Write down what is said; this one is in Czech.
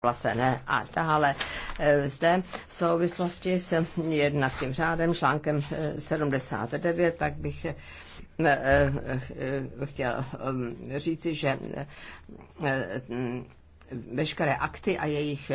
placené a dále eh, zde v souvislosti s jednacím řádem článkem 79, eh, tak bych eh, chtěl říci, že veškeré akty a jejich